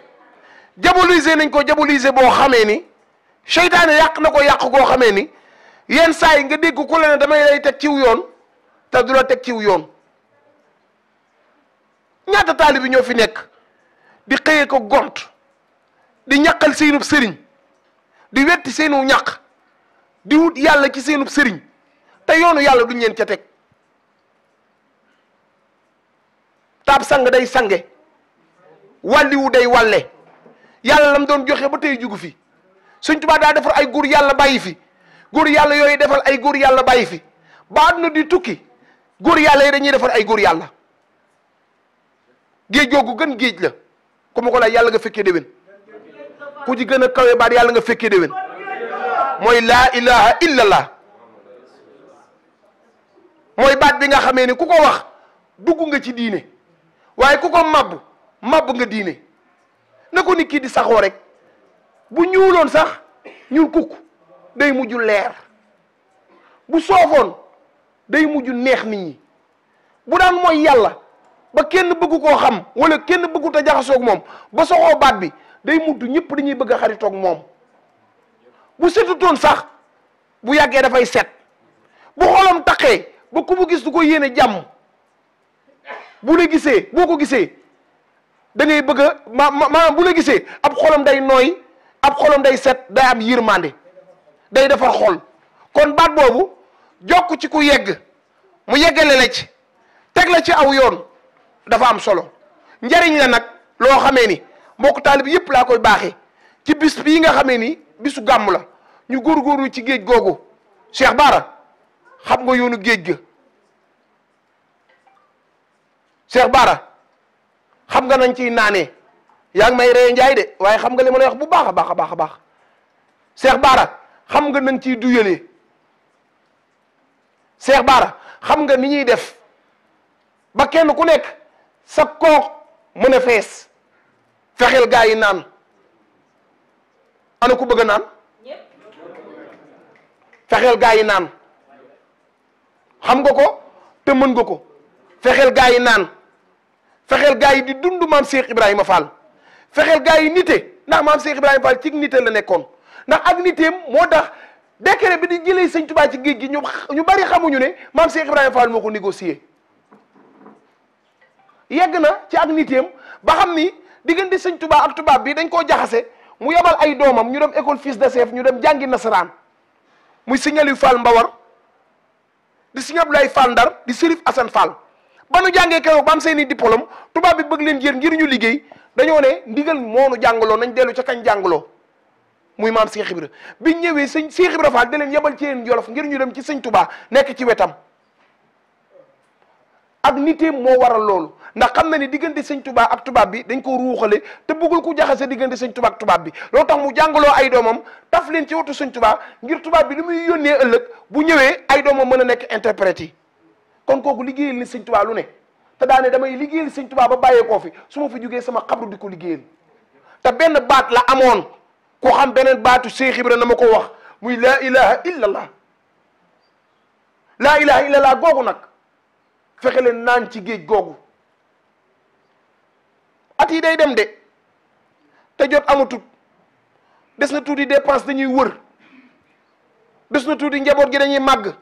diaboliser nañ ko diaboliser boo xamee ni seytaane yàq na ko yàq goo xamee ni yenn saa yi nga dégg ku la ne damay lay teg ciw yoon te du la teg ciw yoon ñaata taalibi ñoo fi nekk di xëyee ko gont di ñaqal seenub sëriñ di wetti seenu ñaq di wut yàlla ci seenub sëriñ te yoonu yàlla duñ leen ca teg taab sang day sange wàlliwu day wàlle yàlla lam doon joxe ba tey jugu fi suñ tubaa daa defar ay góor yàlla bàyyi fi góor yàlla yooyu defal ay góor yàlla bàyyi fi ba àdduna di tukki góor yàlla yi dañuy defar ay góor yàlla géej googu gën géej la ku ma ko laaj yàlla nga fekkee déwén ku ci gën a kawe baat yàlla nga fekkee déwén mooy laa ilaha illallah mooy baat bi nga xamee ni ku ko wax dugg nga ci diine waaye ku ko màbb màbb nga diine na ko nit kii di saxoo rek bu ñuuloon sax ñuul kukk day mujj leer bu soofoon day mujj neex nit ñi bu daan mooy yàlla ba kenn bëggu koo xam wala kenn bëggu ta jaxasoog moom ba soxoo baat bi day mujj ñëpp dañuy bëgg a xaritoog moom bu setutoon sax bu yàggee dafay set bu xolam taqee ba ku mu gis du ko yéene jàmm bu la gisee boo ko gisee da ngay bëgg a ma maanaam bu la gisee ab xolam day nooy ab xolam day set day am yërmande day defar xol kon baat boobu jokk ci ku yegg mu yeggale la ci teg la ci aw yoon dafa am solo njariñ la nag loo xamee ni mbokk taalib yëpp laa koy baaxe ci bis bii nga xamee ni bisu gàmm la ñu góor góorgóorlu ci géej googu Cheikh Baara xam nga yoonu géej ga Cheikh Baara xam nga nañ ciy naane yaa ngi may ree njaay de waaye xam nga li ma lay wax bu baax a baax a baax a baax Cheikh Baara xam nga nañ ciy duyalee Cheikh Baara xam nga ni ñuy def ba kenn ku nekk. sa koox mën a fees fexeel gaa yi naan ana ku bëgg a naan fexeel gaa yi naan xam nga ko te mën nga ko fexeel gaa yi naan fexeel gaa yi di dund maam Cheikh Ibrahima Fall fexeel gaa yi nite ndax maam Cheikh Ibrahima Fall ci nite la nekkoon ndax ak niteem moo tax décret bi di jëlee sëñ Tuubaa ci géej gi ñu ñu bari xamuñu ne maam Cheikh Ibrahima Fall moo ko négocié. yegg na ci ak nitéem ba xam ni diggante sëñ tubaa ak tubaab bi dañ koo jaxase mu yebal ay doomam ñu dem école fils de chef ñu dem jàngi nasaraan muy signal yu Fall Mbawar di signal ay Fall Ndar di sërif Assane Fall ba nu jàngee keroog ba am seen i diplôme tubaab bi bëgg leen jër ngir ñu liggéey dañoo ne ndigal moonu jàngaloo nañ dellu ci kañ jàngaloo muy maam Cheikh Ibra biñ ñëwee sëñ Cheikh Ibra Fall da yebal ci yéen Jolof ngir ñu dem ci sëñ Touba nekk ci wetam ak niteem moo waral loolu ndax xam na ni diggante sëñ tubaab ak tubaab bi dañ koo ruuxale te bëggul ku jaxasee diggante sëñ tubaab ak tubaab bi loolu tax mu jàngaloo ay doomam taf leen ci wetu sëñ tubaab ngir tubaab bi li muy yónnee ëllëg bu ñëwee ay doomam mën a nekk interprète yi kon kooku liggéeyal ni sëñ tubaab lu ne te daane damay liggéeyal sëñ tubaab ba koo fi su ma fi jógee sama xabru di ko liggéeyal te benn baat la amoon ku xam beneen baatu Seex Ibra na ma ko wax muy laa ilaha illallah laa ilaha nag fexe leen naan ci géej googu at yi day dem de te jot amatut des na tuuti dépense dañuy wër des na tuuti njaboot gi dañuy màgg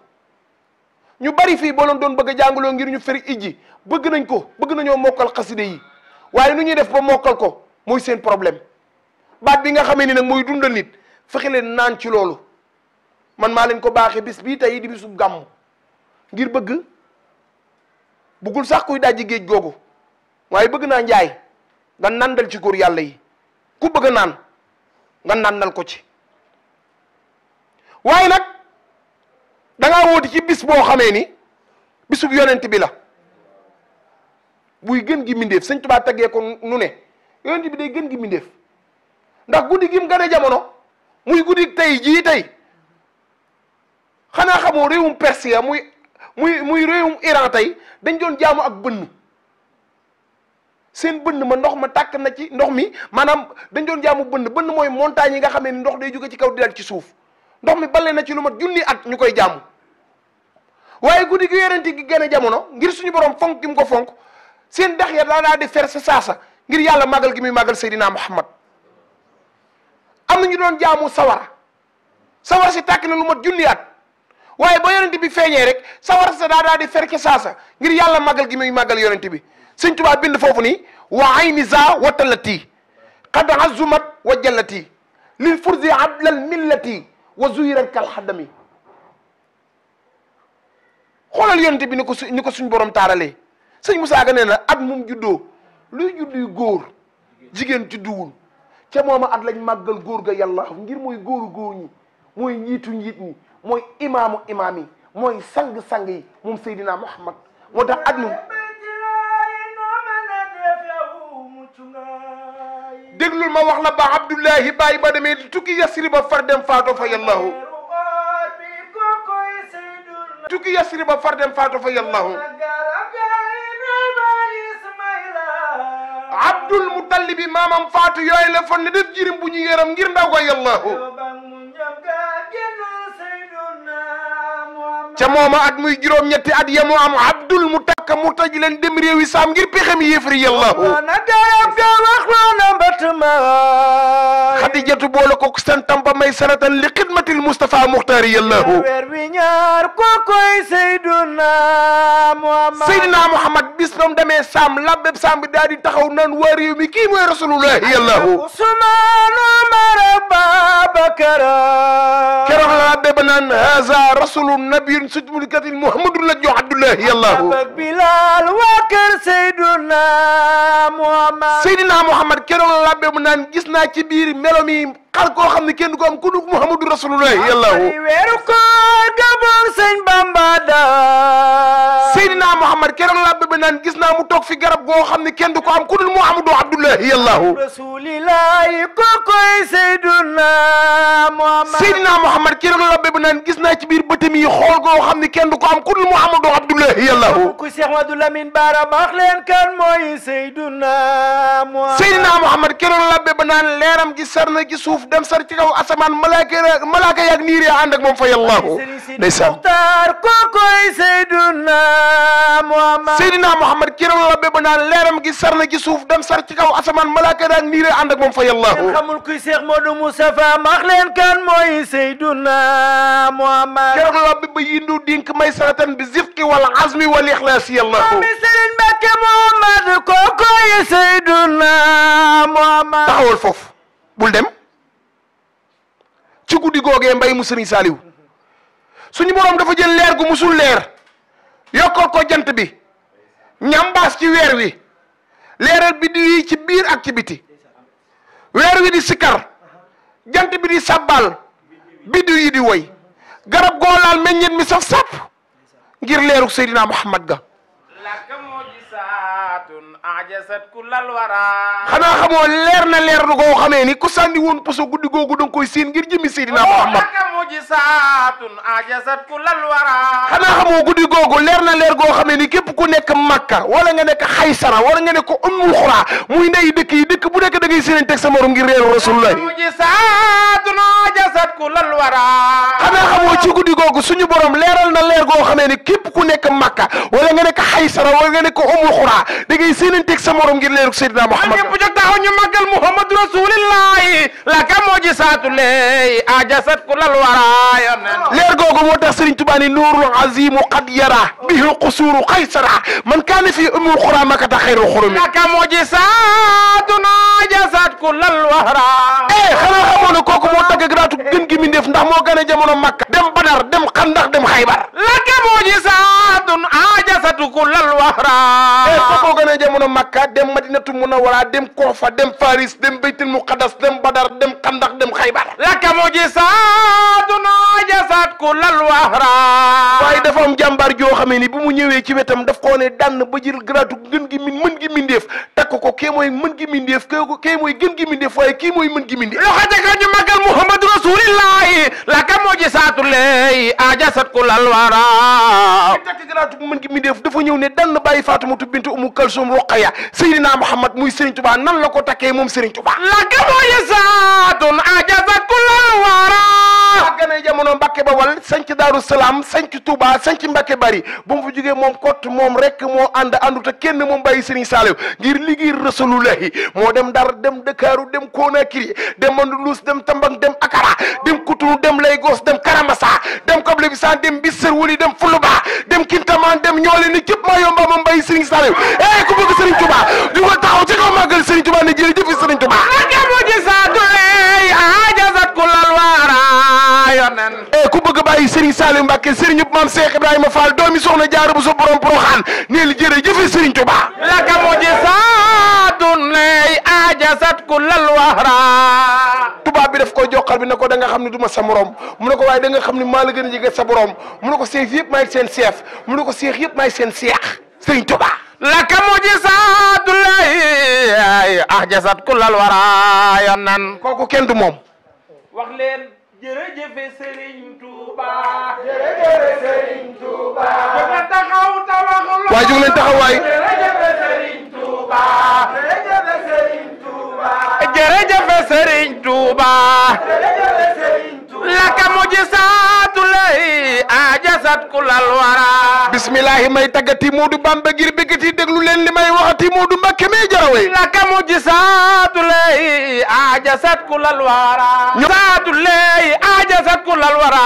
ñu bari fii boo leen doon bëgg a jàngaloo ngir ñu fer ijji bëgg nañ ko bëgg nañoo mokkal xaside yi waaye nu ñuy def ba mokkal ko mooy seen problème baat bi nga xamee ni nag mooy dundal nit fexe leen naan ci loolu man maa leen ko baaxee bis bii tey di bisub gàmm ngir bëgg bëggul sax kuy dajji géej googu waaye bëgg naa njaay nga nandal ci góor yàlla yi ku bëgg naan nga nàndal ko ci waaye nag dangaa wóoti ci bis boo xamee ni bisu yonent bi la buy gën gi mindeef sëñ tubaa taggee ko nu ne yonent bi day gën gi mindeef ndax guddi gim gën jamono muy guddi tey jii tey xanaa xamoo réewum persia muy muy muy réewum Iran tey dañ doon jaamu ak bënn seen bënn ma ndox ma tàkk na ci ndox mi maanaam dañ doon jaamu bënn bënn mooy montagne yi nga xamee ni ndox day jóge ci kaw di dal ci suuf ndox mi bale na ci lu mat junni at ñu koy jaamu waaye guddi gi yorenti gi gën jamono ngir suñu borom fonk gi ko fonk seen dex ya daa daa di fer sa saasa ngir màggal gi muy màggal Seydina Muhammad am na ñu doon jaamu sawara sawara tàkk na lu mat junni at waaye ba yonent bi feeñee rek sawar sa daa ferke saasa ngir yàlla màggal gi muy màggal yonent bi sëñ Tuubaa bind foofu nii wa ayni za wa tallati qad azumat wa jallati lil furzi adlal millati wa zuyiran kal xaddami xoolal yonent bi ni ko ko suñ borom taaralee sëñ mu Ka nee na at mum juddoo luy judduy góor jigéen judduwul ca mooma lañ màggal góor ga yàlla ngir mooy góoru góor ñi mooy njiitu njiit ñi mooy imaamu imaam yi mooy sang-sang yi moom Seydina Muhammad moo tax ak ñun ma wax ba Abdullahi bàyyi ba demee tukki Yasri ba far dem faato tukki Yasri ba fa yallahu Abdul Mutalib maamam faatu yooyu la ngir ndaw ca mooma at muy juróom-ñetti at ya mu am Abdul Muttalib makka mu taj leen dem réewi saam ngir pexem yéefari yàllaahu xadijatu boole ko santam ba may sanatan li xidmatil Mustafa Muxtaari yàllaahu Seydina Muhammad bis noom demee saam labbeb saam bi daal di taxaw naan waa réew mi kii mooy rasulullahi yàllaahu keroog la labbe ba naan haza rasulun nabiyun sujmulkatin Muhammadun la jox Abdullahi yàllaahu laal waa kër Seydina Muhammad Seydina Muhammad keroog labbe mu naan gis naa ci biir melo mi xar koo xam ne kenn du ko am ku dul Muhammadu Rasulullah weeru koor ga boog sëñ Muhammad keroog laa bébé naan gis naa mu toog fi garab goo xam ne kenn du ko am ku dul Muhammadu Abdullahi yàllaahu. rasulillahi kookoy Seydina Muhammad. Seydina Muhammad keroog laa bébé naan gis naa ci biir bëtam yi xool goo xam ne kenn du ko am ku dul Muhammadu Abdullahi yàllaahu. ku Cheikh Madou Lamine Bara wax leen kan mooy Seydina Muhammad. Seydina Muhammad keroog laa bébé naan leeram gi sar na ci suuf dem sar ci kaw asamaan malaaka malaaka yaag niir yaa ànd ak moom fa yàllaahu. ndeysaan Muxtaar kookoy Seydina. Muhammad Seydina Muhammad kiram la béb naan leeram gi sar na ci dem sar ci kaw asamaan malaaka daan niire ànd ak moom fa yàlla xamul kuy Cheikh Muhammad kiram la béb yindu dénk may saratan bi zifqi wal azmi wal ixlaas yàlla mi Serigne Mbacke Muhammad kookooy Seydina Muhammad taxawal foofu bul dem ci guddi googee mbay mu Serigne Saliou suñu borom dafa jël leer gu musul leer yokkal ko jant bi ñambaas ci weer wi leeral biddiw yi ci biir ak ci biti weer wi di sikkar jant bi di sàbbaal biddiw yi di woy garab goolaal meññet mi saf saf ngir leeruk seydina muhammad ga xanaa xamoo leer na leer du koo xamee ni ku sànni woon poso guddi googu danga koy siin ngir jëmmi seydina oh, muhammad la xanaa xamoo guddi googu leer na leer goo xamee ni képp ku nekk Makka wala nga nekk Xaysara wala nga nekk Ummu Xuraa muy ndey dëkk yi dëkk bu nekk da ngay seen teg sa morom ngir reeru Rasulullah xanaa xamoo ci guddi googu suñu borom leeral na leer goo xamee ni képp ku nekk Makka wala nga nekk Xaysara wala nga nekk Ummu Xuraa da ngay seen teg sa morom ngir leeru Seydina Muhammad ñëpp jóg taxaw ñu màggal Muhammad Rasulillah la ka moo ji saatu lay ajasat ku lal wara leer googu moo tax Serigne Touba ni nuurul azimu qad yara bihi qusuuru qaysara man kaana fi umul qura makata xayru xurumi naka mujisatuna jasat kullal wahra eh xanaa xamoon ne kooku moo tagg garaatu gën gi mi def ndax moo gën a jamono Makka dem Badar dem Xandax dem Xaybar laka mujisatun xadartu kullal wahra e eh, soko gën a jamono makka dem a munawwara dem kofa dem faris dem baytul muqaddas dem badar dem xandax dem xaybar laka mujisaatun ajasat kullal wahra waaye dafa am jàmbaar joo xamee ni bu mu ñëwee ci wetam daf koo ne dànn ba jël garaatu gën gi min mën gi mindeef takk ko kee mooy mën gi mindeef kee ko kee mooy gën gi mindeef waaye kii mooy mën gi mindeef loxate ka ñu magal muhammadu rasulillahi laka mujisaatu lay ajasat kullal wahra dafa ñëw ne dan bàyyi Faatumatu bintu Umu Kalsum Ruqaya Seydina Muhammad muy Serigne Touba nan la ko takkee moom Serigne Touba sanc daaru salaam sanc Touba sanc Mbacke bari ba mu fa moom kot moom rek moo ànd àndut ak kenn moom bàyyi Serigne Saliou ngir liggéey rasulullahi moo dem Ndar dem Dakaaru dem Konakri dem Andulus dem Tambang dem Akara dem Kutunu dem Lagos dem Karamasa dem Koble Bisan dem Bissar Wuli dem Fuluba dem Kintaman dem ñoole ni cëpp maa yomba moom bàyyi Serigne Saliou eh ku bëgg Serigne Touba ñu ko taxaw si kaw màggal Serigne Touba ne jërëjëf Serigne Touba bàyyi Serigne Saliou Mbacke Serigne Maam Cheikh Ibrahima Fall doomi soxna Jaara Buso borom Poroxaan neel jërëjëf Serigne Touba laka mujisaatun lay ajasat kullal wahra tubaab bi def ko joxal bi ne ko da nga xam ne du ma sa moroom mu ne ko waaye da xam ne maa la gën a jege sa borom mu ne ko seex yëpp maay seen seef mu ne ko seex yëpp maay seen seex Serigne Touba laka mujisaatun lay ajasat kullal wahra yoon nan kooku kenn du moom wax leen jërëjëf Serigne Touba jërëjëf Serigne Touba dafa taxaw tabax lool waay jóg leen taxaw waay jërëjëf Serigne Touba jërëjëf Serigne Touba jërëjëf Serigne Touba jërëjëf Serigne Touba laka mujisaatu lay ajasat kulal wara bismillahi may taggati Moodu Bamba ngir bëggati déglu leen li may waxati Moodu Mbakke mi jarawee laka mujisaatu lay لي أعجزت كل الورى نزاد لي أعجزت كل الورى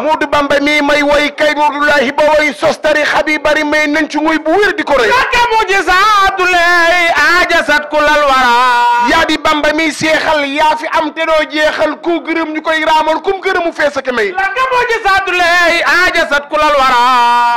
مود بامبا مي ماي واي كاي مود الله بوي سوستري خبيبري مي ننشو موي بوير دي كوري لك مجزاد لي أعجزت كل الورى يا دي بامبا مي سيخل يا في أم تنو جيخل كو غرم نيكو يرامل كوم غرم فيسك مي لك مجزاد لي أعجزت كل الورى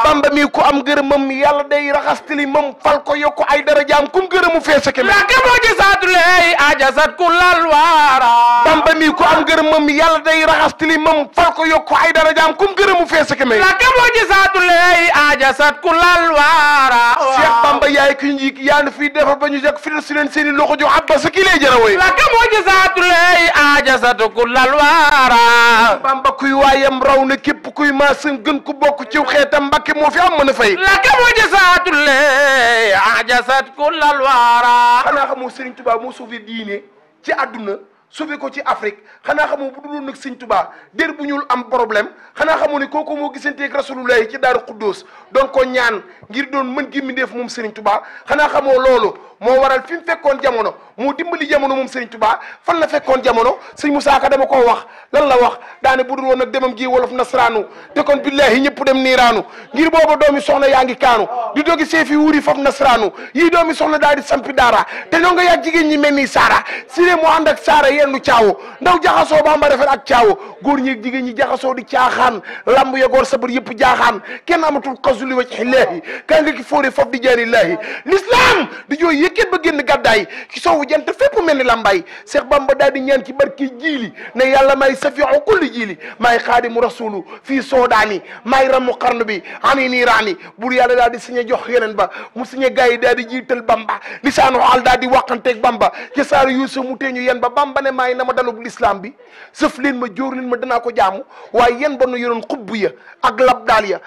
بامبا مي كو أم غرمم يالا داي رخصتلي مم فالكو يوكو أي درجام كوم غرم فيسك مي لك مجزاد لي أعجزت lal waara bamba mi ku am ngërëmam yàlla day raxas tilimam fal ko yokk ay darajaam kum gërëmu fees ak may la kam loo gisaatu lay aajasat ku lal waara Cheikh Bamba yaay ki njiig yaa nu fii defar ba ñu jag fi si leen seen i loxo jox abba sa ki lay jarawoy la kam loo gisaatu lay aajasat ku lal waara bamba kuy waayam raw na képp kuy maasam gën ku bokk ciw xeetam mbàkke moo fi am mën a fay la kam loo gisaatu lay aajasat ku lal waara xanaa xamoo Sëriñ Tuubaa moo sauvé diine ci àdduna sauvé ko ci Afrique xanaa xamoo bu duloon nag sëñ Tuubaa dér bu ñuul am problème xanaa xamoo ne kooku moo gisanteeg rasulullahi ci daaru Xuddoos doon ko ñaan ngir doon mën gi mindeef moom sëriñ tubaa xanaa xamoo loolu moo waral fi mu fekkoon jamono moo dimbali jamono moom sëriñ tubaa fan la fekkoon jamono sëñ Musaa Ka dama koo wax lan la wax daane bu dul woon nag demam gi wolof nasraanu te kon billahi ñëpp dem niiraanu ngir booba doomi soxna yaa ngi kaanu du dogi seefi wuuri foofu nasaraanu yii doomi soxna daal di sampi daara te ñoo nga yàgg jigéen ñi mel ni saara si ne mu ànd ak saara yennu caawo ndaw jaxasoo bamba rafet ak caawo góor ñeeg jigéen ñi jaxasoo di caaxaan lamb ya goor sabar yëpp jaaxaan kenn amatul xasuli waj xillaahi kaa nga ki fóore foofu di jaani laahi l'islam di jooy yëkkat ba génn gàddaay ci sowu jant fépp mel ni lambay Seex Bamba daal di ñaan ci barki jiili na yàlla may safiu kulli jiili may xaadimu rasulu fii soodaani may ramu xarnu bi ani niiraani bur yàlla daal di signé jox yeneen ba mu signé gars yi daal di jiital bamba lisaanu xaal daal di wàqanteeg bamba ca saaru yuusuf mu teeñu yen ba bamba ne maay na ma dalub lislaam bi sëf leen ma jóor ma danaa ko jaamu waaye yen ba nu yoroon xubb ya ak lab daal ya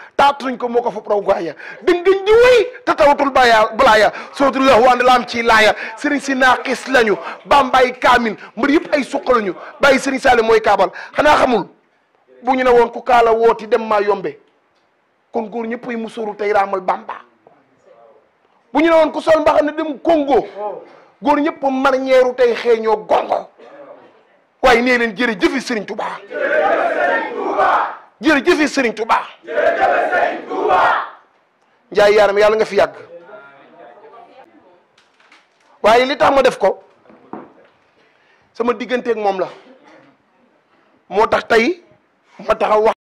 nañ ko moo ko fop raw gaa ya dëngañ di wéy te tawatul baya balaaya sootullah waande laam ci laaya sëriñ si naa naaqis lañu bambaay kaamin mbër yëpp ay suqalañu bàyyi sëriñ saali mooy kaabal xanaa xamul bu ñu ne woon ku kaala wooti dem maa yombe kon góor ñëpp ay musóoru tey raamal bamba bu ñu ne woon ku sol ne dem Congo góor ñëpp marñeeru tey xeeñoo gongo waaye nee leen jërëjëfi Serigne Touba. jërëjëfi Serigne Touba. sëriñ Serigne Touba. Njaay yaaram yàlla nga fi yàgg waaye li tax ma def ko sama digganteeg moom la moo tax tey ma taxaw wax.